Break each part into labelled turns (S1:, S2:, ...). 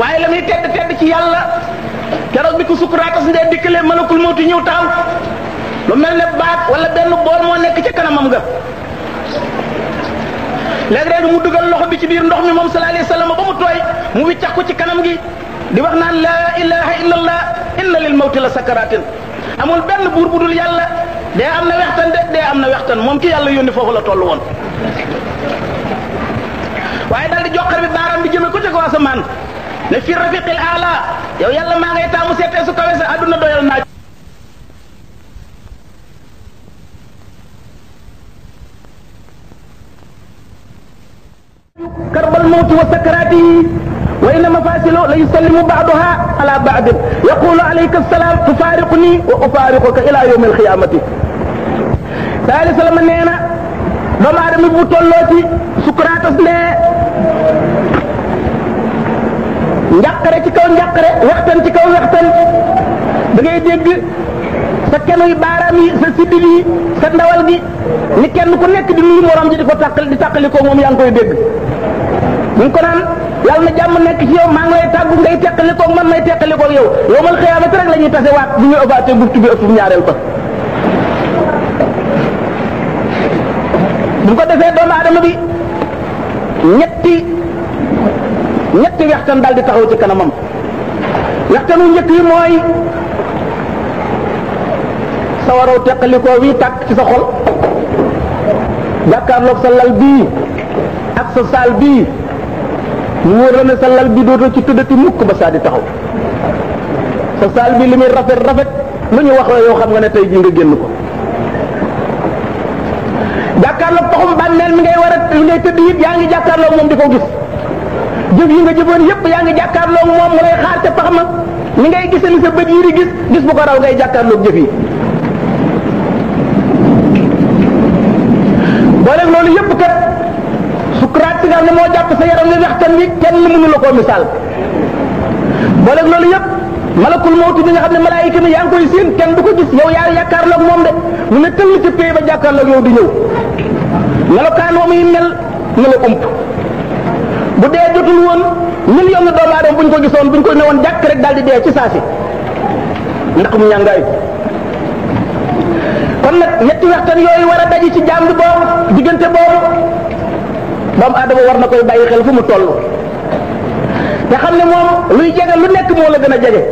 S1: waaye la muy tedd tedd ci yàlla keroog bi ko sukkuraatas ndee dikkalee malakul mawti ñëw taxaw lu mel ne baat wala benn bool moo nekk ci kanamam nga léeg-léeg mu dugal loxo bi ci biir ndox mi moom sallallahu alayhi wa sallam ba mu tooy mu wiccax ko ci kanam gi di wax naan la ilaha illallah inna lil mawti la sakaratin amul benn buur bu dul yàlla dee am na wextan de dee am na wextan moom ki yàlla yónni foofu la toll woon waaye daal di joxar bi baaraam bi jëme ko ca ne fi rafiqil ala yow yàlla maa ngay taamu seetee su kawe sa àdduna doyal naa karbal mawti wa sakaratihi wa inna mafasilo la yusallimu baaduha ala baadin yaqulu alayka salaam tufaariquni wa ufaariquka ila yawmi alqiyamati sallallahu alayhi wa sallam nee na doomu aadama bu tolloo ci sukuraatas ne njàqare waxtaan ci kaw waxtaan da ngay dégg sa kenuy baaraam yi sa sibil yi sa ndawal gi ni kenn ku nekk di nuyu morom ji di ko tàqal di tàqalikoo moom yaa ngi koy dégg ñu kon ko naan yàlla na jàmm nekk ci yow maa ngi lay tàggu ngay teqalikoog man may teqalikoog yow yow mal xiyaamati rek la ñuy tase waat bu ñu ëppaatee buftu bi ëpp ñaareel ko bu ko defee doomu aadama bi ñetti ñetti wextaan daal di taxaw ci kanamam laxtanu njëkk yi mooy sa waraw teqalikoo wii tàkk ci sa xol jàkkaarloog sa lal bii ak sa saal bii mu wóor la sa lal bi dootoo ci tëddati mukk ba saa di taxaw sa saal bi li muy rafet rafet lu ñu wax la yoo xam nga ne tey jii nga génn ko jàkkaarloog taxum bànneel mi ngay war a mi ngay tëdd it yaa ngi jàkkaarloog moom di ko gis jëf yi nga jëfoon yëpp yaa ngi jàkkaarloog moom mu lay xaar ca pax ma li ngay gis li sa bët yi di gis gis bu ko raw ngay jàkkaarloog jëf yi. booleeg loolu yëpp kat sukuraat si nga xam ne moo jàpp sa yaram li wextan wi kenn mënu la koo misaal booleeg loolu yëpp malakul mawtu bi nga xam ne malaayika mi yaa ngi koy siin kenn du ko gis yow yaa jàkkaarloog moom de mu ne tëll ci pay ba jàkkaarloog yow di ñëw melokaan wa muy mel na bu dee jotul woon million na doomu aadama bu ñu ko gisoon bu ñu ko ne jàkk rek daal di dee ci saasi ndax mu ñàngaay kon nag ñetti waxtaan yooyu war a daji ci jàng boobu diggante boobu doomu aadama war na koy bàyyi xel fu mu toll te xam ne moom luy jege lu nekk moo la gën a jege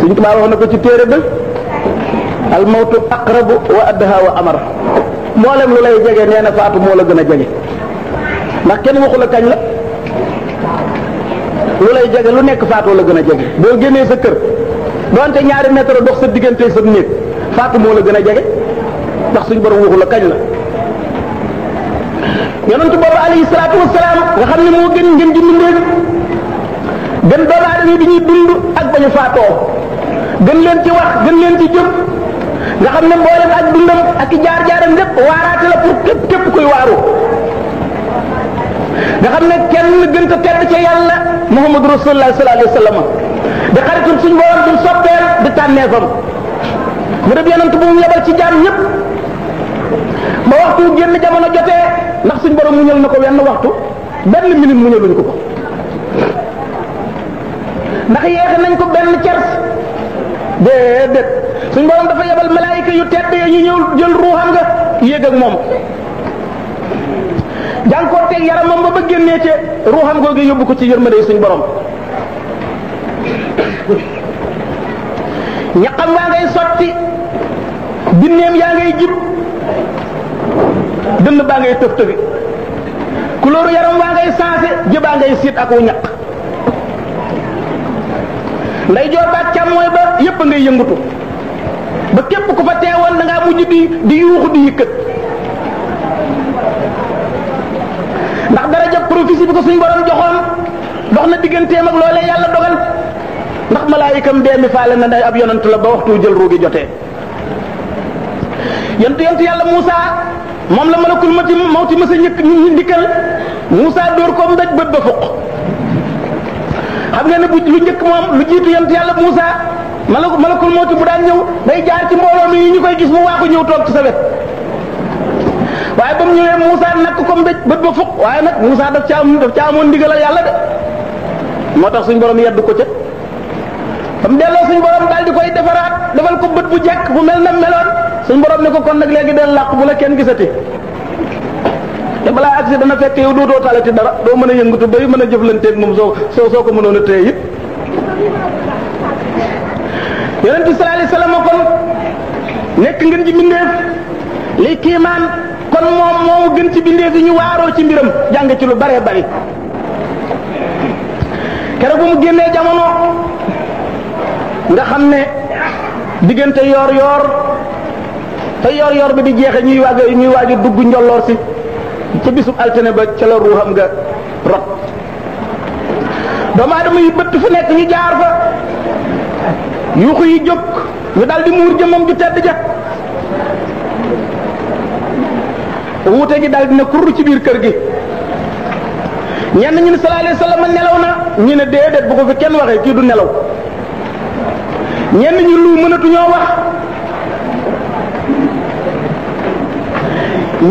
S1: suñ tubaab wax na ko ci téere ba al mawtu aqrabu wa addaha wa amar mboolem lu lay jege nee na faatu moo la gën a jege ndax kenn waxu la kañ la lu lay jege lu nekk faatoo la gën a jege boo génnee sa kër doonte ñaari mètre dox sa diggante sa néeg faatu moo la gën a jege ndax suñ borom waxu kañ la yonentu boobu alayhi salaatu wasalaam nga xam ne moo gën ngeen ji mbindéef gën doomu aadama yi bi ñuy dund ak ba faatoo gën leen ci wax gën leen ci jëf nga xam ne mboolem ak dundam ak i jaar-jaaram lépp waaraate la pour képp képp kuy waaru nga xam ne kenn gën ko tedd ca yàlla muhammadu rasulullah sallallahu alayhi wa sallam di xaritum suñu borom di soppeem di tànneefam mu def yonent bu mu yebal ci jaam ñëpp ba waxtu génn jamono jotee ndax suñu borom mu ñël na ko wenn waxtu benn minute mu ñëluñ ko ko ndax yeexe nañ ko benn cers déedéet suñu borom dafa yebal malaayika yu tedd ya ñu ñëw jël ruuxam nga yéeg moom ak yaramam ba ba génnee ci ruuxam googu yóbbu ko ci yërmande suñ borom ñaqam waa ngay sotti binneem yaa ngay jib dënn baa ngay tëf tëfi couleur yaram waa ngay sensé jëbaa ngay siit ak wu ñaq nday joor baat càmmooy ba yépp ngay yëngutu ba képp ku fa teewoon da mujj di di yuuxu di yëkkat prophétie bu ko suñ borom joxoon dox na digganteem ak loolee yàlla dogal ndax malaayikam dee mi faale na ne ab yonant la ba waxtu jël ruugi jotee yontu yontu yàlla Moussa moom la malakul mati mawti masa ñëkk ñu ndikkal Moussa dóor ko mbéj bët ba fuq xam nga ne bu lu njëkk moom lu jiitu yontu yàlla Moussa malakul mawti bu daan ñëw day jaar ci mbooloo mi ñu koy gis mu waaxu ñëw toog ci sa wet waaye ba mu ñëwee Moussa nakk ko mbéj bët ba fukk waaye nag Moussa daf caa daf caa amoon ndigalal yàlla de moo tax suñ borom yedd ko ca ba mu delloo suñ borom daal di koy defaraat defal ko bët bu jekk bu mel na meloon suñ borom ne ko kon nag léegi del làq bu la kenn gisati te balaa agsi dana fekk yow doo doo talati dara doo mën a yëngatu bay mën a jëflanteeg moom soo soo soo ko mënoon a téye it yonent bi sallallahu alayhi wasallam kon nekk ngeen ji mbindeef lii kiimaan kon moom moomu gën ci bindee fi ñu waaroo ci mbiram jàng ci lu bare bari keroog bu mu génnee jamono nga xam ne diggante yoor yoor te yoor yoor bi di jeexe ñuy waaj a dugg njolloor si ca bisu altine ba ca la ruuxam nga rot doomu aadama yi bëtt fu nekk ñu jaar fa yuuxu yi jóg ñu daldi muur jëmmam ju tedd ja wuute gi daal na kurru ci biir kër gi ñenn ñu ne sallallahu alayhi wa nelaw na ñu ne déedéet bu ko fi kenn waxee kii du nelaw ñenn ñu lu mënatuñoo wax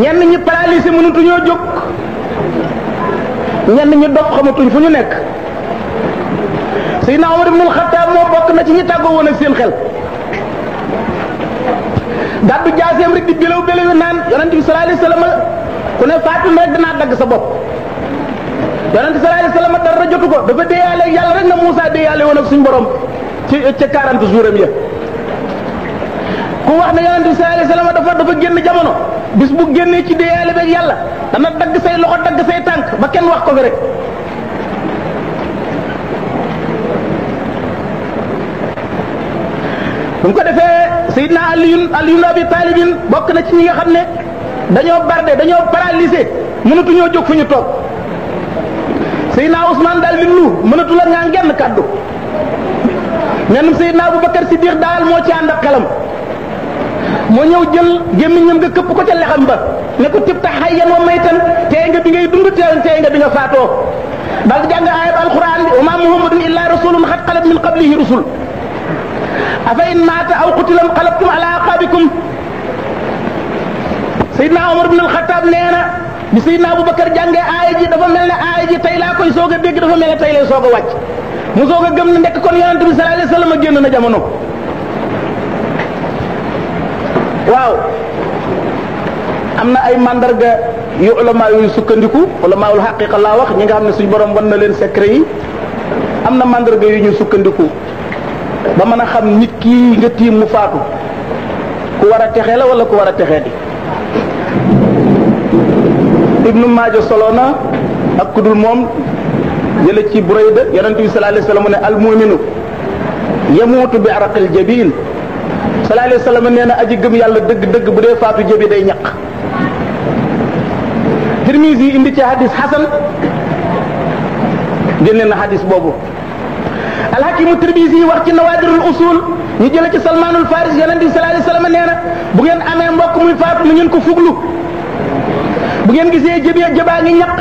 S1: ñenn ñi paralysé mënatuñoo jóg ñenn ñi dof xamatuñ fu ñu nekk Seydina war ibn al-Khattab moo bokk na ci ñi tàggoo woon ak seen xel gàddu jaaseem rek di bélew bélew naan yonent bi sallallahu alayhi wasallam ku ne Fatima rek dagg sa bopp yonent sallallahu alayhi wasallam dara jotu ko dafa déeyaale ak yàlla rek na Moussa déeyaale woon ak suñu borom ci ca 40 jours am ya ku wax ne yonent bi sallallahu alayhi dafa dafa génn jamono bis bu génnee ci déeyaale beeg yàlla dana dagg say loxo dagg say tànk ba kenn wax ko fi rek. bu ko defee Seydina Aliyun Aliyun Abi bokk na ci ñi nga xam ne dañoo bardé dañoo paralysé mënatuñoo jóg fu ñu toog Seydina Ousmane daal di lu mënatu la ngaa genn kàddu ñenn Seydina Aboubacar Siddiq daal moo ci ànd ak xelam moo ñëw jël gémmiñam nga këpp ko ca lexam ba ne ko tib ta xayyan wa maytan tey nga bi ngay dund tey nga bi nga faatoo daal di jàng ayat alquran wa ma muhammadun illa rasulun xat xalat min qablihi rusul afa in aw qutilam qalabtum ala aqaabikum Seydina Omar bin Alxataab nee na bi Seydina Aboubacar jàngee aaya ji dafa mel ne aaya ji tey laa koy soog a dégg dafa mel ne tey lay soog a wàcc mu soog a gëm ne ndekk kon yonent bi sallallahu alayhi génn na jamono waaw am na ay mandarga yu ulama sukkandiku ulamaul xaqiqa laa wax ñi nga xam ne suñu borom wan na leen secret yi am na mandarga yu ñu sukkandiku ba mën a xam nit kii nga tiim mu faatu ku war a texe la wala ku war a texe di ibnu maajo solo na ak kudul moom jële ci burayda yonente bi sallallahu alayhi wasallam ne al muminu bi araqil jabil sallallahu alayhi nee na aji gëm yàlla dëgg dëgg bu dee faatu jabi day ñaq tirmisi yi indi ci hadis xasan génne na hadis boobu alhakimu tirbisi wax ci nawaadirul usul ñu jële ci salmanul faris yonent bi sallallahu alayhi wasallam nee na bu ngeen amee mbokk muy faatu na ngeen ko fuglu bu ngeen gisee jëbee jëbaa ngi ñaq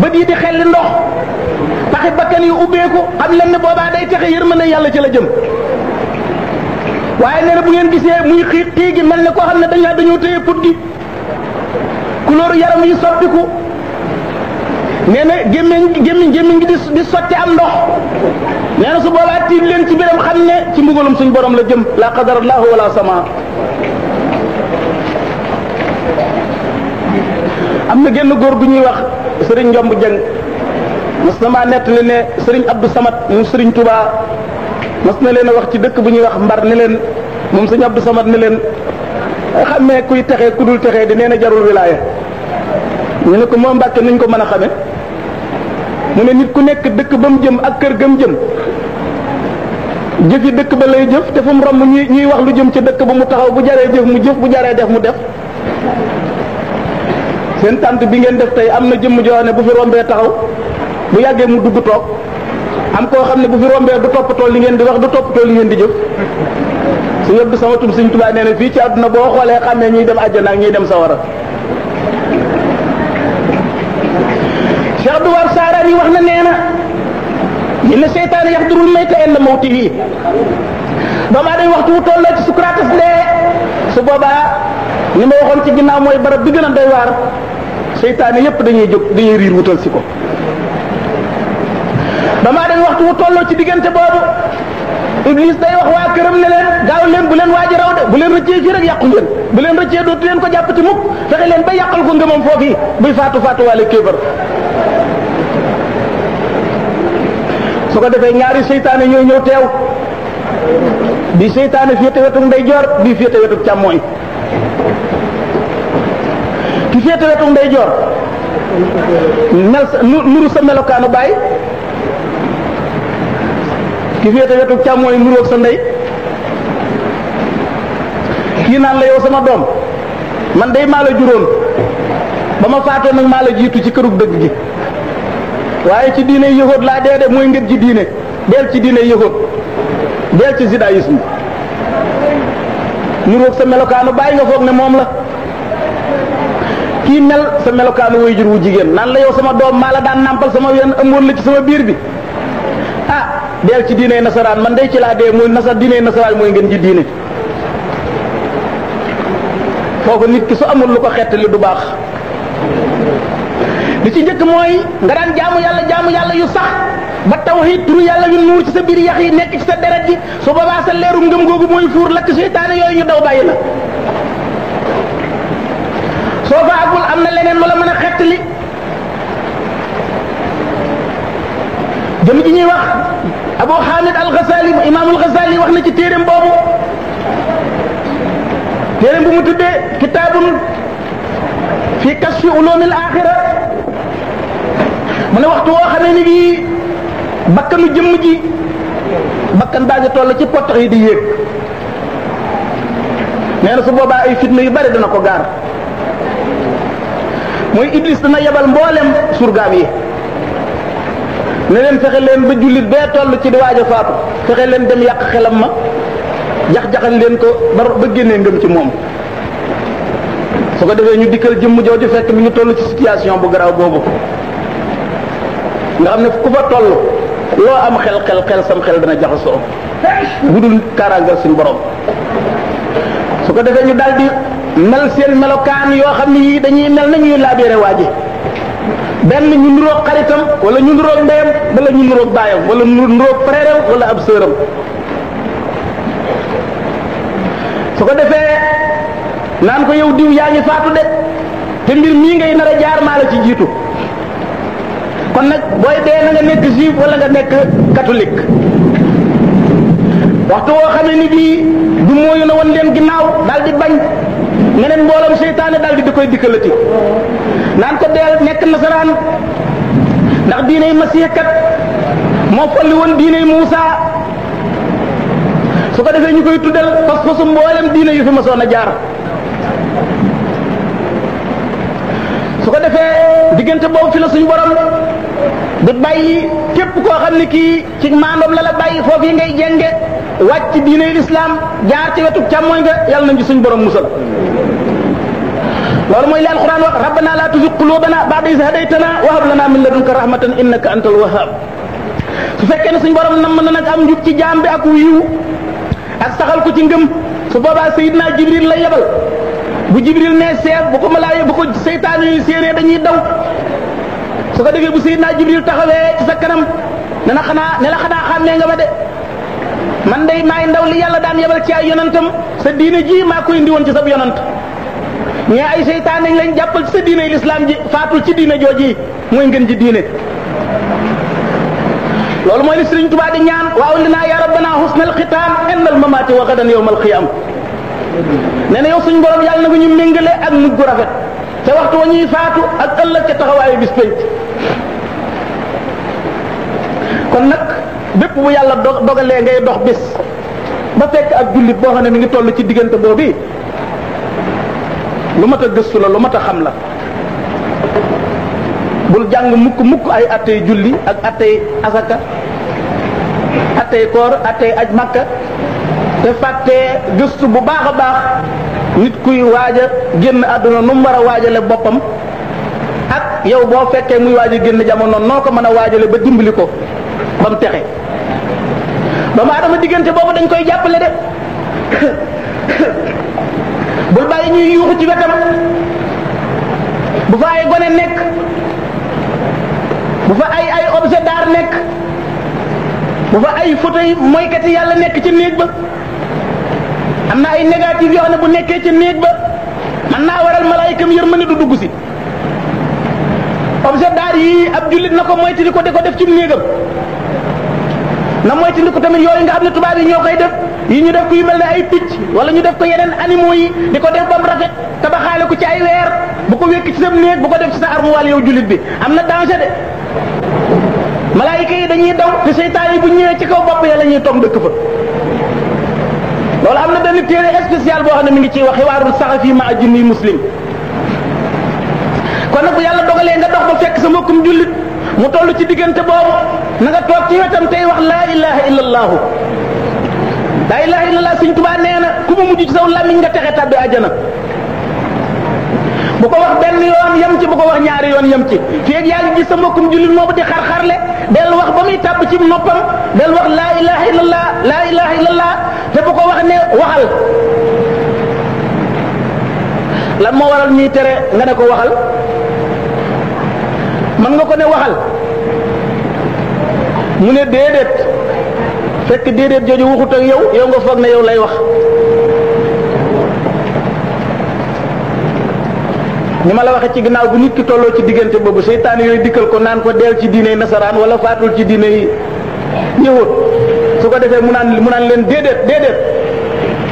S1: bët yi di xelli ndox paxi bakkan yu ubbeeku xam leen ne boobaa day texe yërmande yàlla ci la jëm waaye nee na bu ngeen gisee muy xii xii gi mel ne koo xam ne dañaa dañoo téye put gi couleur yaram yi soppiku nee na gémmiñ gémmiñ gémmiñ gi di di sotti am ndox nee na su boolaa tiim leen ci biram xam ne ci mbugalum suñ borom la jëm la qadarallahu wala sama am na genn góor gu ñuy wax sëriñ njomb jëng mas na maa nettali ne sëriñ abdou samat mu sëriñ tubaa mas na leen wax ci dëkk bu ñuy wax mbar ne leen moom sëriñ abdou samat ne leen a xamee kuy texe ku dul texe di nee na jarul wilaaya ñu ne ko moo mbàkke nuñ ko mën a xame mu ne nit ku nekk dëkk ba mu jëm ak kër ga mu jëm jëf yi dëkk ba lay jëf te fu mu romb ñuy ñuy wax lu jëm ca dëkk ba mu taxaw bu jaree jëf mu jëf bu jaree def mu def seen tànt bi ngeen def tey am na jëmm joo ne bu fi rombee taxaw bu yàggee mu dugg toog am koo xam ne bu fi rombee du toppatoo li ngeen di wax du toppatoo li ngeen di jëf su yëpp sama tum suñ tubaab nee na fii ci àdduna boo xoolee xamee ñuy dem ajjanaa ak ñuy dem sawara Buxaari yi wax na nee na inna seytaane yaxdurul mayta inda mawtihi doomu aadama waxtu wu tolloo ci Socrates dee su boobaa ni ma waxoon ci ginnaaw mooy barab bi gën a doy waar seytaane yépp dañuy jóg dañuy riir wutal si ko doomu aadama waxtu wu tolloo ci diggante boobu Iblis day wax waa këram ne leen gaaw leen bu leen waaj raw de bu leen rëccee fii rek yàqu ngeen bu leen rëccee dootu leen ko jàppati mukk fexe leen ba yàqal ko ngëmam foofu buy faatu faatu waale kébar su ko defee ñaari seytaane ñooy ñëw teew bi seytaane féete wetu ndeyjoor bi féete wetu càmmooñ ki féete wetu ndeyjoor mel sa nuru sa melokaanu baay ki féete wetu càmmooñ nuroog sa ndey kii naan la yow sama doom man dey maa la juróon ba ma faatoo nag maa la jiitu ci këru dëgg gi waaye ci diine yahud laa dee de mooy ngeen ci diine deel ci diine yahud deel ci judaïsme niroog sa melokaanu bàyyi nga foog ne moom la kii mel sa melokaanu waajur wu jigéen naan la yow sama doom maa la daan nàmpal sama wenn ëmboon la ci sama biir bi ah deel ci diine nasaraan man dey ci laa dee mooy nasa diine nasaraan mooy ngeen ji diine foofu nit ki su amul lu ko xettali du baax li ci njëkk mooy nga daan jaamu yàlla jaamu yàlla yu sax ba tawhid du yàlla yu nuur ci sa biir yax yi nekk ci sa deret ji su boobaa sa leeru ngëm googu mooy fuur lakk seytaane yooyu ñu daw bàyyi la soo fa agul am na leneen lu mën a xettali jëm ji ñuy wax Abu Hamid al-Ghazali imaamul Ghazali wax na ci téereem boobu téereem bu mu tuddee kitaabun fi kashfi ulumil axira mu ne waxtu woo xamee ni bii bakkanu jëmm ji bakkan baajo ngi toll ci potox yi di yéeg nee su boobaa ay fitna yu bari dana ko gaar mooy Iblis dana yebal mboolem surgaam yi ne leen fexe leen ba jullit bee toll ci di waaj faatu fexe leen dem yàq xelam ma jax-jaxal leen ko ba ba génnee ngëm ci moom su ko defee ñu dikkal jëmm jooju fekk mi ngi toll ci situation bu garaaw boobu nga xam ne ku fa toll loo am xel xel xel sam xel dana jaxasoo bu dul kaaraangal suñu borom su ko defee ñu daal seen melokaan yoo xam ne yii dañuy mel na ñuy laabeere waaji ñu nuroog wala ñu nuroog ndeyam ñu nuroog baayam wala ñu nuroog frère wala ab sëram ko defee naan ko yow diw yaa ngi faatu de te mbir mii ngay nar a jaar maa la ci jiitu kon nag booy dee na nga nekk juif wala nga nekk catholique waxtu woo xamee ni bii du mooyu na woon leen ginnaaw daal di bañ ngeneen mbooloom seytaane daal di di koy dikkalati naan ko deel nekk nasaraan ndax diiney masiix kat moo folli woon diiney Muusa su ko defee ñu koy tuddal fas fasu mboolem diine yu fi masoon a jaar su ko defee diggante boobu fi la suñu borom du bàyyi képp koo xam ne kii ci maandoom la la bàyyi foofu yi ngay jenge wàcc diiney lislaam jaar ci wetu càmmooñ nga yàlla nañ ci suñ borom musal loolu mooy li alquran wax rabbana la tuzigh qulubana ba'da idh hadaytana wa hab lana min ladunka rahmatan innaka antal wahhab suñ borom na nag am njub ci jaam bi ak wiiw ak saxal ko ci ngëm su boobaa sayidna jibril la yebal bu jibril ne seet bu ko malaaya bu ko seytaan yi séenee dañuy daw su ko defee bu Seydina Jibril taxawee ci sa kanam ne la xanaa ne la xanaa xàmmee nga ma de man de maay ndaw li yàlla daan yebal ci ay yonantam sa diine ji maa koy indi woon ci sab yonant ñee ay seytaan nañ jàppal ci sa diine lislaam ji faatul ci diine jooji mooy ngën ji diine loolu mooy li Sëriñ Tuubaa di ñaan waaw li naa yaa rabbana husnal xitaam innal mamaati a gadan yawmal qiyaam nee na yow suñ borom yàlla na ko ñu méngale ak mujj gu rafet te waxtu wa ñuy faatu ak ëllëg ca taxawaayu bis kon nag bépp bu yàlla do dogalee ngay dox bis ba fekk ak jullit boo xam ne mi ngi toll ci diggante boobu lu mat a gëstu la lu mat a xam la bul jàng mukk mukk ay attey julli ak attey asaka attey koor attey aj makka te fàttee gëstu bu baax a baax nit kuy waaj génn àdduna nu mu war a waajale boppam ak yow boo fekkee muy waaj a génn jamono noo ko mën a waajale ba dimbali ko ba mu texe doomu aadama diggante boobu dañ koy jàppale de bul bàyyi ñuy yuuxu ci wetam bu fa ay gone nekk bu fa ay ay objet d'art nekk bu fa ay photo yi moykati yàlla nekk ci néeg ba am na ay négatif yoo bu nekkee ci néeg ba man naa waral malaayikam yërmande du dugg si objet d'art yii ab jullit na ko moytu ko di ko def ci néegam na moytandi ko tamit yooyu nga am ne tubaab yi ñoo koy def yi ñu def ko yu mel ne ay picc wala ñu def ko yeneen animaux yi di ko def ba mu rafet tabaxaale ko ci ay weer bu ko wékk ci sa néeg bu ko def ci sa armoire yow jullit bi am na danger de malaayika yi dañuy daw te seytaan yi bu ñëwee ci kaw bopp ya la ñuy toog dëkk fa loolu am na benn téere spécial boo xam ne mu ngi ciy wax xibaarul saxafi ma ajunni muslim kon nag bu yàlla dogalee nga dox ba fekk sa mbokkum jullit mu toll ci diggante boobu na nga toog ci wetam tey wax laa ilaha illallahu laa ilaha illallah suñ tubaa nee na ku mu mujj ci saw làmmiñ nga texe tàbbi àjjana bu ko wax benn yoon yem ci bu ko wax ñaari yoon yam ci feeg yaa gis sa mbokkum jullit moomu di xar-xarle del wax ba muy tàbb ci noppam del wax laa ilaha illallah laa ilaha illallah te bu ko wax ne waxal lan moo waral ñuy tere nga ne ko waxal man nga ko ne waxal mu ne déedéet fekk déedéet jooju waxut ak yow yow nga foog ne yow lay wax ni ma la waxee ci ginnaaw bu nit ki tolloo ci diggante boobu seytaan yooyu dikkal ko naan ko deel ci diine nasaraan wala faatul ci diine yi yëwut su ko defee mu naan mu naan leen déedéet déedéet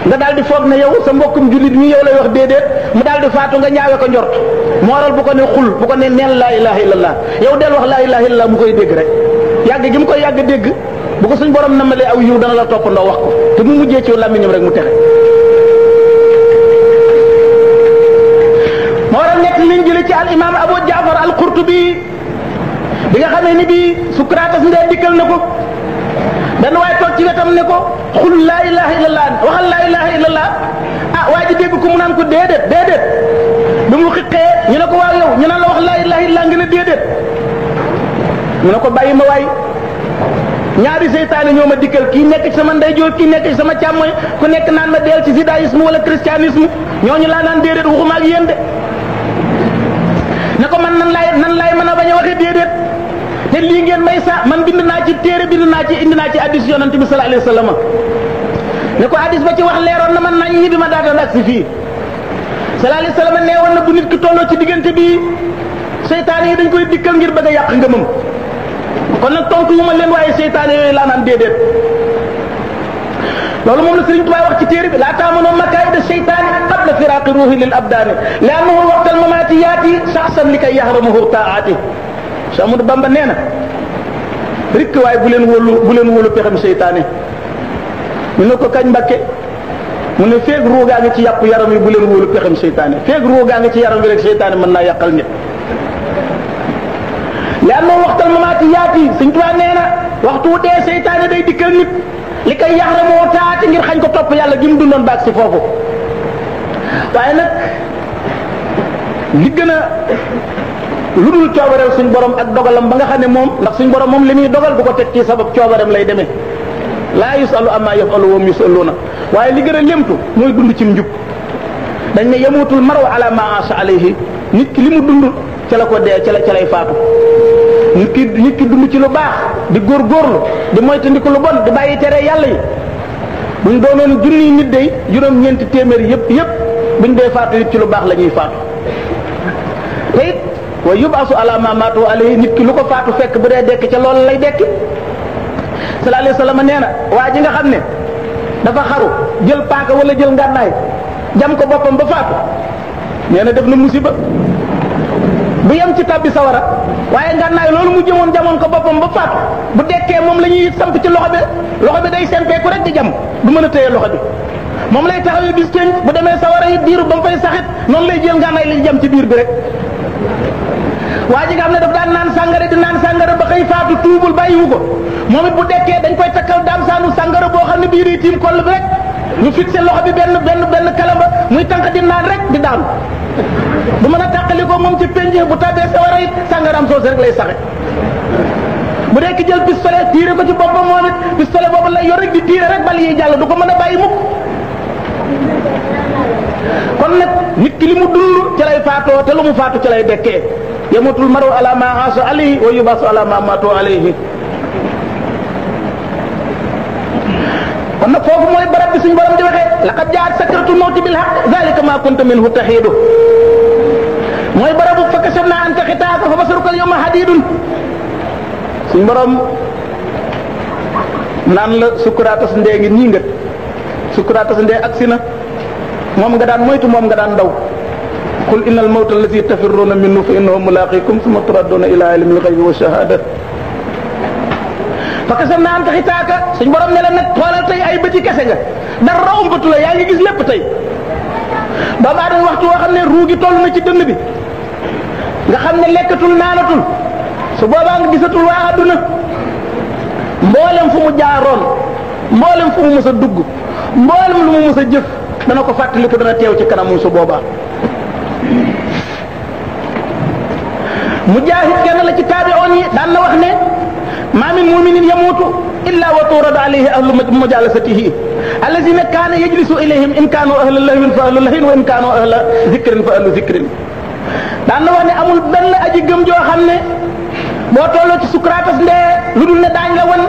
S1: nga daal di foog ne yow sa mbokkum jullit mi yow lay wax déedéet mu daal di faatu nga ñaawe ko njort moo waral bu ko ne xul bu ko ne neen laa ilaha illallah yow del wax laa ilaha illallah mu koy dégg rek yàgg gi mu koy yàgg dégg bu ko suñ borom namalee aw yiw dana la toppandoo wax ko te mu mujjee ci làmmiñam rek mu texe moo waral nekk liñ jële ci al imam abu jaafar al qurtubi bi nga xamee ni bii Socrates ndee dikkal na ko benn waaye toog ci wetam ne ko xul laa ilaha illallah waxal laa ilaha illallah ah, ñu ne ko waaw yow ñu naan la wax laa ilaha nga ne déedéet ñu ne ko bàyyi ma waay ñaari seytaane ñoo ma dikkal kii nekk ci sama ndeyjoor kii nekk ci sama càmmoñ ku nekk naan ma deel ci judaïsme wala christianisme ñooñu laa naan déedéet waxuma ak yéen de ne ko man nan laay nan laay mën a bañ a waxee déedéet te lii ngeen may sax man bind naa ci téere bind naa ci indi naa ci addis yonante bi sallallahu alayhi wasallam ne ko addis ba ci wax leeroon na man nañ ñi bi ma daatoon ak si fii sallallahu alayhi wasallam nee woon na bu nit ki tolloo ci diggante bi seytaane yi dañ koy dikkal ngir bëgg a yàq ngëmam kon nag tontu wu ma leen waaye seytaane yooyu laa naan déedéet loolu moom la Sëriñ Tuubaa wax ci téere bi laa taamanoon makaayida seytaani qabla firaaqi ruuhi lil abdaani li annahu waqtal mamaati yaati saxsan li kay yaxramuhu taaati Cheikh Amadou Bamba nee na rikk bu leen wóolu bu leen wóolu pexem seytaane ñu ne ko kañ mbakke mu ne feeg ruugaa ngi ci yàpp yaram yi bu leen wóolu pexem seytaane feeg ruugaa ngi ci yaram yi rek seytaane mën naa yàqal nit lanna waxtal mamaati yi suñ Tuubaa nee na waxtu wu dee seytaane day dikkal nit li koy yaxra moo taati ngir xañ ko topp yàlla gi mu dundoon baag si foofu waaye nag li gën a lu dul coobarew suñ borom ak dogalam ba nga xam ne moom ndax suñ borom moom li muy dogal bu ko teg ci sabab coobareem lay demee laa am yusalu amma yafalu wam na waaye li gën a lémtu mooy dund ci njub dañ ne yamutul marwa ala ma asa ki li mu dund ca la ko dee ca la ca lay faatu nit ki nit ki dund ci lu baax di góorgóorlu di moytandiku lu bon di bàyyi tere yàlla yi buñ doonoon junniy nit day juróom-ñeenti téeméer yëpp yëpp buñ dee faatu yëpp ci lu baax la ñuy faatu te it wa yubasu ala ma maatu alayhi nit ki lu ko faatu fekk bu dee dekk ca loolu lay dekki sallallahu alayhi wa sallam nee na waa ji nga xam ne dafa xaru jël paaka wala jël ngànnaay jam ko boppam ba faatu nee na def na musiba du yem ci tàbbi sawara waaye ngànnaay loolu mu jëmoon jamoon ko boppam ba faat bu dekkee moom la ñuy samp ci loxo bi loxo bi day sempeeku rek di jam du mën a téye loxo bi moom lay taxawee bis teñ bu demee sawara yi diiru ba mu fay saxit noonu lay jël ngànnaay li jam ci biir bi rek waa ji nga xam ne daf daan naan sàngara di naan sàngara ba xëy faatu tuubul bàyyiwu ko moom it bu dekkee dañ koy takkal daam saanu sàngara boo xam ne biir yi tiim koll bi rek ñu loxo bi benn benn benn kalamba muy tànk di naan rek di daanu du mën a tàqali ko moom ci penje bu tabee sawara it sàngaraam soose rek lay saxe bu dee ki jël pistolet tiire ko ci boppam moom it pistolet boobu lay yor rek di tiire rek bal yi jàll du ko mën a bàyyi mukk kon nag nit ki li mu dund ci lay faatoo te lu mu faatu ci lay dekkee yamatul maru ala ma xaasu alayhi wa yubasu ala ma maatu kon nag foofu mooy barab bi suñu borom di waxee laqad jaat sakratul mawti bil haqq zalika ma kunta minhu taxiidu mooy barabu fa kashafna anka xitaaka fa basaruka al yawma hadidun suñu borom naan la sukkuraatas ndee ngi nii nga sukkuraatas ndee agsi na moom nga daan moytu moom nga daan daw qul inna al mawta alladi tafirruuna minhu fa innahu mulaaqikum summa turadduuna ila ilmi al ghaybi wa shahada parce que sa naam taxi taaka suñ borom ne la nag xoolal tey ay bëti kese nga dara umbatu la yaa ngi gis lépp tey doomu aadama waxtu woo xam ne ruugi toll na ci dënn bi nga xam ne lekkatul naanatul su boobaa nga gisatul waa àdduna mboolem fu mu jaaroon mboolem fu mu mës dugg mboolem lu mu mës a jëf dana ko fàttaliku dana teew ci kanamum su boobaa mujaahid kenn la ci taabi oon yi daan na wax ne ما من مؤمن يموت إلا وتورد عليه أهل مجالسته الذين كان يجلس إليهم إن كانوا أهل الله فأهل الله وإن كانوا أهل ذكر فأهل ذكر daan la wax ne amul benn aji gëm joo xam ne boo tolloo ci sukraatas ndee lu dul ne daañ la wan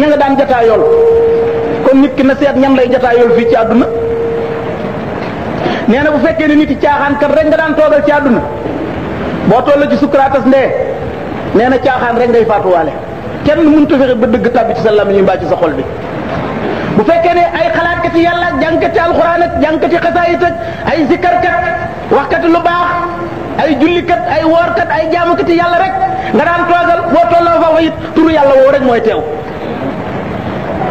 S1: ña nga daan jataayool kon nit ki na seet ñan lay jataayool fii ci àdduna nee na bu fekkee ne nit yi caaxaan kat rek nga daan toogal ci àdduna boo tolloo ci sukraatas ndee nee na caaxaan rek ngay faatuwaale kenn mënut fexe ba dëgg tàbbi ci sa làmmiñ mbaa ci sa xol bi. bu fekkee ne ay xalaatkati yàlla ak jànkati alxuraan ak jànkati xasaayit ak ay zikarkat waxkati lu baax ay jullikat ay woorkat ay jaamukati yàlla rek nga daan toogal boo tolloo fa it turu yàlla woo rek mooy teew.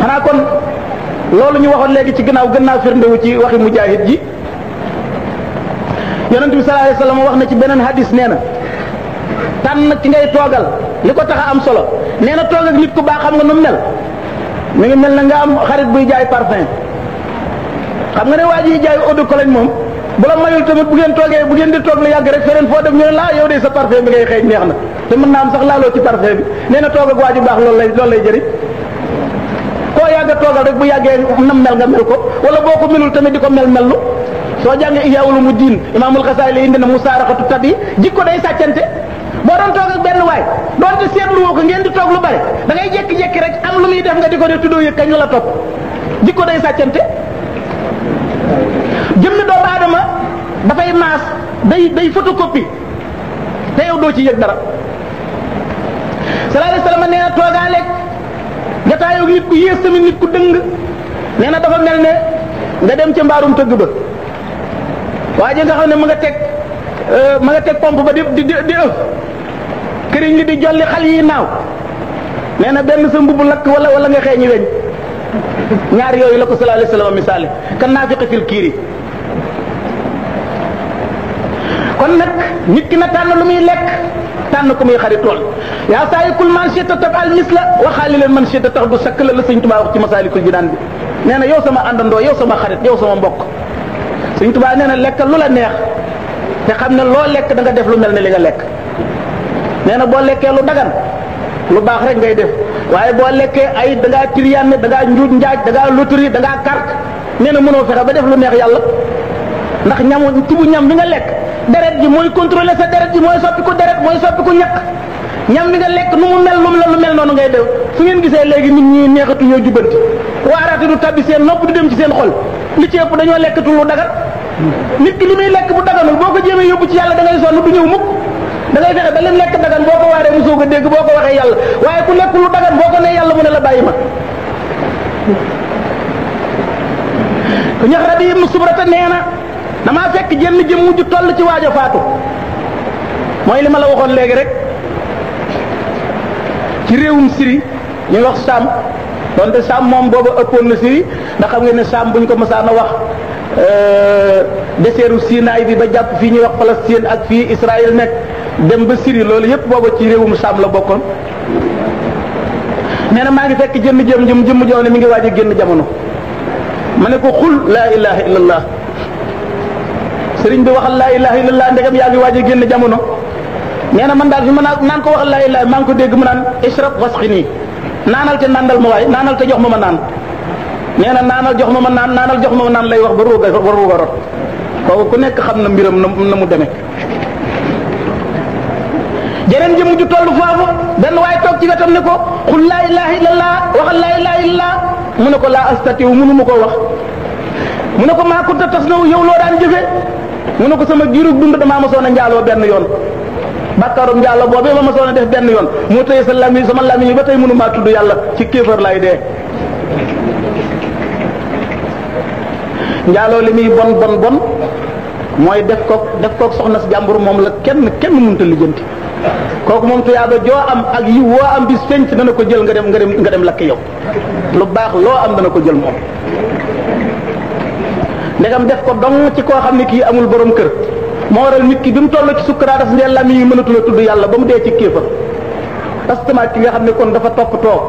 S1: xanaa kon loolu ñu waxoon léegi ci ginnaaw gën naa firndewu ci waxi mujaahid ji yonent bi sa alayhi wasallam wax na ci beneen hadis nee na. tànn ki ngay toogal li ko tax am solo nee na toog ak nit ku baax xam nga nu mu mel mu ngi mel na nga am xarit buy jaay parfum xam nga ne waa ji jaay eau de Cologne moom bu la mayul tamit bu ngeen toogee bu ngeen di toog lu yàgg rek feneen foo dem ñu ne yow de sa parfum bi ngay xëy neex na te mën naa am sax laaloo ci parfum bi nee na toog ak waa ji baax loolu lay loolu lay jëriñ koo yàgg toogal rek bu yàggee nam mel nga mel ko wala boo ko melul tamit di ko mel mellu soo jàngee Ihya Ulumuddin Imaamul Xasaali indi na musaaraxatu tabi jikko day sàccante boo doon toog ak benn waay doon ci ko ngeen di toog lu bare da ngay jékki rek am lu muy def nga di ko def tuddoo yëg kañ la la topp jikko day sàccante jëmmi doomu aadama dafay maas day day photocopie te yow doo ci yëg dara sallallahu alayhi wasallam nee na toogaaleeg jataayoo nit ku yées tamit nit ku dëng nee na dafa mel ne nga dem ca mbaarum tëgg ba waa ji nga xam ne mu nga teg Euh, ma nga teg pompe ba di di di ëf euh. këriñ li di jolli xal yi naaw nee na benn sa mbubb lakk wala wala nga xeeñi weñ ñaar yooyu la ko sallallahu alayhi wasallam misaale kan naafiqi fil kiiri kon nag nit na tànn lu muy lekk tànn ko muy xaritool yaa saa yëkkul man cheta tab al leen man cheta tax du sakk la la sëñ tubaa wax ci masaalikul jinaan bi nee na yow sama àndandoo yow sama xarit yow sama mbokk sëñ tubaa nee na lu la neex te xam ne loo lekk da nga def lu mel ne li nga lekk nee na boo lekkee lu dagan lu baax rek ngay def waaye boo lekkee ay da ngaa trianne da ngaa njuuj njaaj da ngaa loterie da ngaa carte nee na mënoo fexe ba def lu neex yàlla ndax ñamu ci bu ñam bi nga lekk deret ji mooy contrôler sa deret ji mooy ku deret mooy soppiku ñaq ñam bi nga lekk nu mu mel lu la lu mel noonu ngay def su ngeen gisee léegi nit ñi neexatuñoo jubbanti waaraate du tabbi seen nopp du dem ci seen xol li ci ëpp dañoo lekkatu lu dagat nit ki li muy lekk bu daganul boo ko jéemee yóbbu ci yàlla da ngay sonn du ñëw mukk da ngay fexe ba lim lekk dagan boo ko waaree mosoo ko dégg boo ko waxee yàlla waaye ku lekk lu dagan boo ko nee yàlla mu ne la bàyyi ma. ñax radi ibnu subrata nee na damaa fekk jenn jëm mujj toll ci waajo a faatu mooy li ma la waxoon léegi rek ci réewum Syrie ñuy wax Saam donte Saam moom booba ëppoon na Syrie ndax xam ngeen ne Saam bu ñu ko mësaan a wax. Euh, deseeru Sinaay bi ba jàpp fii ñuy wax Palestine ak fii Israël nekk dem ba Syrie loolu yépp booba ci réewum Saam la bokkoon nee na maa ngi fekk jëmm jëm jëm jëmm joo ne mi ngi waaj a génn jamono ma ne ko xul laa ilaha illallah sëriñ bi waxal laa ilaha illallah ndegam yaa ngi waaj a génn jamono nee na man daal fi ma naan ko waxal laa ilaha maa ngi ko dégg mu naan ishrab wasxini naanal te nàndal ma waaye naanal te jox ma ma naan nee na naanal jox ma ma naan naanal jox ma naan lay wax ba ruuga ba ruuga rot kooku nekk xam na mbiram na mu demee jeneen jëmm ju toll foofu benn waaye toog ci wetam ne ko xul laa ilaha illallah waxal laa ilaha illallah mu ne ko laa astatiu mënu ma ko wax mu ne ko maa kunta tas naw yow loo daan jëfe mu ne ko sama giirug dund damaa mosoon a njaaloo benn yoon bàkkaarum njaaloo boobee ma mosoon def benn yoon moo tey sa lami sama lami ba tey mënu maa tudd yàlla ci kéefar laay dee njaaloo li muy bon bon bon mooy def kook def kook soxna si jàmbur moom la kenn kenn mënut a lijjanti kooku moom tuyaaba joo am ak yi woo am bis fenc dana ko jël nga dem nga dem nga dem lakk yow lu baax loo am dana ko jël moom ndegam def ko dong ci koo xam ne kii amul borom kër moo waral bi mu toll ci sukkuraat daf ndee lam yi yàlla ba mu dee ci kéefar testament ki nga xam ne kon dafa toppatoo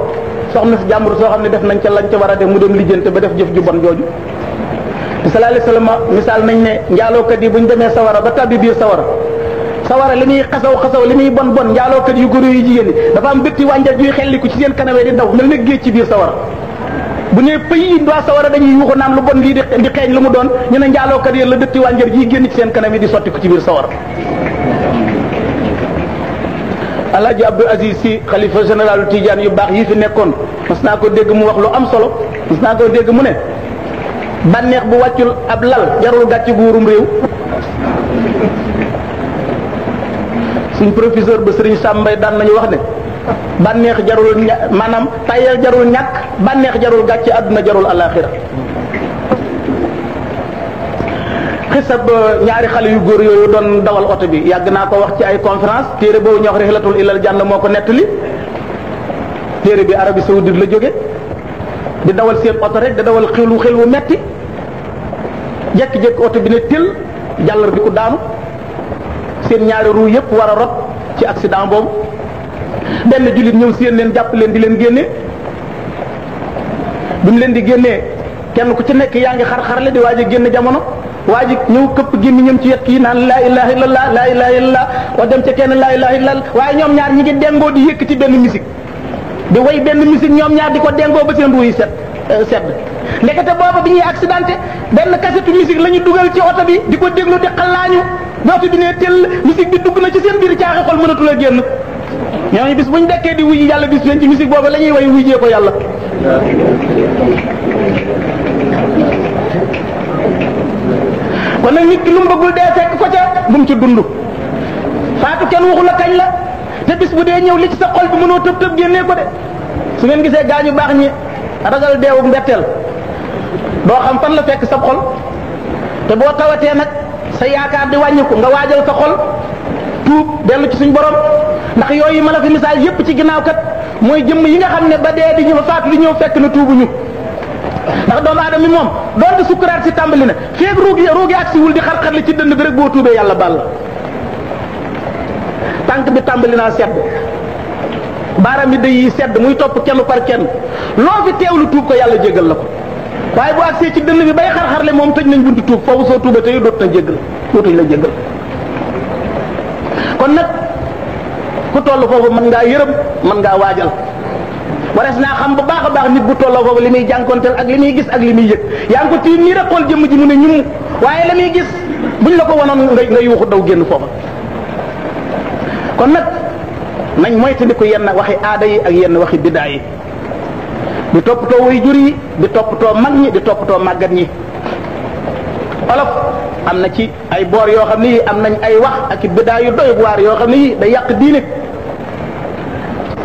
S1: soxna si jàmbur soo xam ne def nañ ca lañ ca war a def mu dem lijjante ba def jëf ju bon jooju sallallahu alayhi wasallam misaal nañ ne njaalookat yi bu ñu demee sawara ba tàbbi biir sawara sawara li muy xasaw xasaw li muy bon bon njaalookat yu góor yu jigéen yi dafa am bëtti wànjar yuy xelliku ci seen kanawee di daw mel na géej ci biir sawara bu ne pëy waa sawara dañuy yuuxu naan lu bon lii di xeeñ lu mu doon ñu ne njaalookat yi la dëtti wànjar yi génn ci seen kanam yi di sotti ko ci biir sawara alaaji Abdou Aziz si xalifa général tiijaan yu baax yi fi nekkoon mas naa ko dégg mu wax lu am solo mas naa dégg mu ne bànneex bu wàccul ab lal jarul gàcc buurum réew suñ professeur ba sëriñ sàmbay daan nañu wax ne bànneex jarul ña maanaam tayal jarul ñàkk bànneex jarul gàcc àdduna jarul alaaxira xisab euh, ñaari xale yu góor yooyu doon dawal oto bi yàgg naa ko wax ci ay conférence téere boobu ñoo wax rihlatul ilal jànn moo ko nettali téere bi arabi saoudite la jóge di dawal seen oto rek da dawal xelu xel wu metti jekki-jekki oto bi ne tël jàllar bi daanu seen ñaari ruu yëpp war a rot ci accident boobu benn jullit ñëw seen leen jàpp leen di leen génne bi mu leen di génnee kenn ku ci nekk yaa ngi xar-xarle di waaj a génn jamono waaj a ñëw këpp génn ñëm ci wet kii naan laa ilaha illallah laa ilaha illallah wa dem ca kenn laa ilaha illallah waaye ñoom ñaar ñi ngi dengoo di ci benn musique di way benn musique ñoom ñaar di ko dengoo ba seen ruuy set euh, sedd ndekete booba bi ñuy accidenté benn kasetu musique la ñu dugal ci oto bi di ko déglu di xalaañu dootu bi ne tëll musique bi dugg na ci seen biir caaxi xol mënatu la génn ñooñu bis bu ñu dekkee di wuyu yàlla bis leen ci musique boobu la ñuy way wujjee ko yàlla kon nag nit ki lu mu bëggul dee fekk ko ca bu mu ci dund faatu kenn waxu la kañ la te bu dee ñëw li ci sa xol bi mënoo tëb tëb génnee ko de su ngeen gisee gaañu baax ñi ragal deewu mbetteel doo xam fan la fekk sa xol te boo tawatee nag sa yaakaar di wàññiku nga waajal sa xol tuub dellu ci suñ borom ndax yooyu ma la fi misaal yépp ci ginnaaw kat mooy jëmm yi nga xam ne ba dee di ñëw faatu li ñëw fekk na tuubuñu ndax doomu aadama mi moom doonte sukkuraat si tàmbali na feeg ruugi ruugi ak si wul di xar-xar li ci dënd bi rek boo yàlla baal tànk bi tàmbali naa sedd baaraam yi day sedd muy topp kenn par kenn loo fi teewlu tuub ko yàlla jéggal la ko waaye bu agsee ci dënn bi bay xar-xarle moom tëj nañ buntu tuub foofu soo tuuba tey doot na jéggal dootuñ la jéggal kon nag ku toll foofu mën ngaa yërëm mën ngaa waajal warees naa xam bu baax a baax nit bu tolloo foofu li muy jànkonteel ak li muy gis ak li muy yëg yaa ngi ko tiim nii rek jëmm ji mu ne ñum waaye la muy gis bu la ko wanoon nga nga yuuxu daw génn foofa kon nag nañ moytandiku yenn waxi aada yi ak yenn waxi bidaa yi di toppatoo way jur yi di toppatoo mag ñi di toppatoo màggat ñi olof am na ci ay boor yoo xam ne yi am nañ ay wax ak i bidaa waar yoo xam ne yi day yàq diine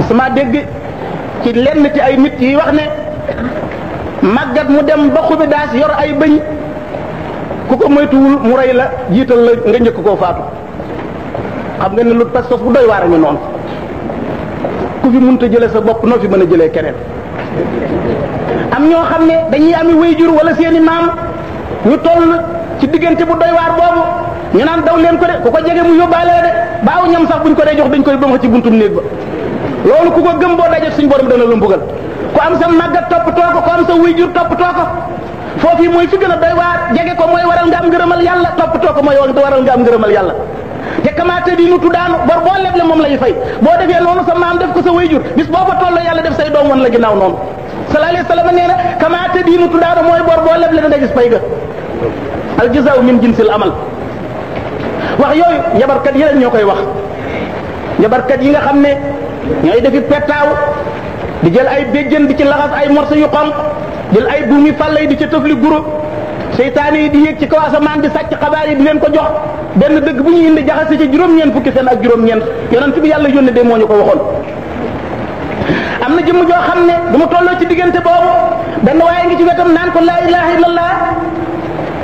S1: sama dégg ci lenn ci ay nit yi wax ne màggat mu dem ba xubi daas yor ay bëñ ku ko moytuwul mu rey la jiital la nga njëkk koo faatu xam nga ne lu pas bu doy waar a ñu noonu ku fi mënta jëlee sa bopp noo fi mën a jëlee keneen am ñoo xam ne dañuy ami wayjur wala seeni maam ñu toll ci diggante bu doy waar boobu ñu naan daw leen ko de ku ko jege mu yóbbaale de baaw ñam sax buñ ko dee jox dañ koy bëmx ci buntum néeg ba loolu ku ko gëm boo dajee suñ borom dana la mbugal ku am sa màggat toppatoo ko ku am sa wayjur toppatoo ko foofii mooy fi gën a doy waar jege ko mooy waral nga am ngërëmal yàlla toppatoo ko mooy waral nga am ngërëmal yàlla te kamaate bi mu tuddaanu bor boo leble moom lay fay boo defee noonu sa maam def ko sa wayjur bis boo fa toll yàlla def say doom woon la ginnaaw noonu sallallahu alayhi wa sallam nee na kamaate bi mu tuddaanu mooy bor boo leble danga gis fay ga al jazaaw min jinsil amal wax yooyu njabarkat yeneen ñoo koy wax njabarkat yi nga xam ne ñooy defi pettaaw di jël ay béjjën di ci laxas ay morso yu xonq jël ay buumi fàllay di ci tëfli guro seytaane yi di yéeg ci kaw asamaan di sàcc xabaar yi di leen ko jox benn dëgg bu ñu indi jaxase ci juróom-ñeent fukki seen ak juróom-ñeent yonent bi yàlla yónne de moo ñu ko waxoon am na jëmm joo xam ne bu mu tolloo ci diggante boobu benn waaye ngi ci wetam naan ko laa ilaha illallah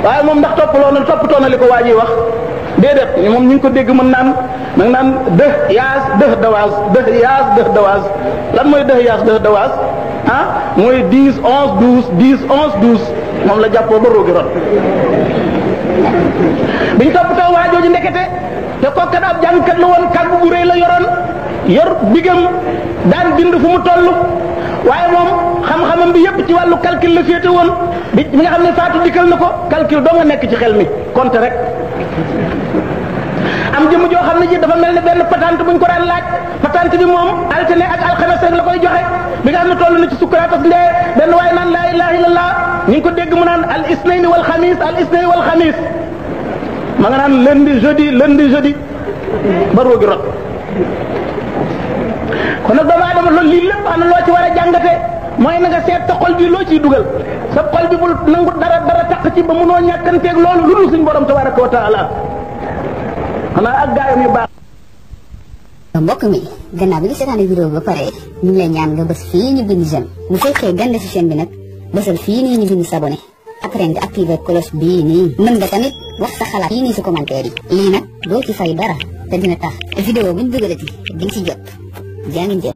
S1: waaye moom ndax toppaloo na toppatoo na li ko waa ji wax déedéet moom ñu ngi ko dégg mën naan nag naan dëh yaas dëh dawaas dëh yaas dëh dawaas lan mooy dëh yaas dëh dawaas ah mooy dix onze douze dix onze douze moom la jàppoo ba roogi rot biñ toppatoo waa jooju ndekete te kooka daal jàngkat la woon kàggu bu rëy la yoroon yor bigam daan bind fu mu toll waaye moom xam-xamam bi yépp ci wàllu calcul la féete woon bi nga xam ne faatu dikkal na ko calcul doo nga nekk ci xel mi compte am jëmm joo xam ne ji dafa mel ne benn patante buñ ko daan laaj patante bi moom altine ak alxames rek la koy joxe bi nga xam ne toll na ci sukkuraatas ndee benn waaye naan laa ilaha illallah ñu ngi ko dégg mu naan al isnayni wal xamis al isnayni wal xamis ma nga naan lundi jeudi lundi jeudi ba roogi rot kon nag doomu aadama loolu lii lépp am na loo ci war a jàngate mooy na nga seet sa xol bi loo ciy dugal sa xol bi bul nangu dara dara taq ci ba mënoo ñàkkanteeg loolu xanaa ak gaayam yu baax mbokk mi gannaaw bi nga seetaane vidéo ba pare ñu ngi lay ñaan nga bës fii ñu bind j'aime bu fekkee gànda ci chaîne bi nag bësal fii nii ñu bind s'abonné après nga activer cloche bii nii mën nga tamit wax sa xalaat fii si commentaire yi doo ci fay dara te dina tax vidéo buñ dugalati di nga ci jot jaa ngeen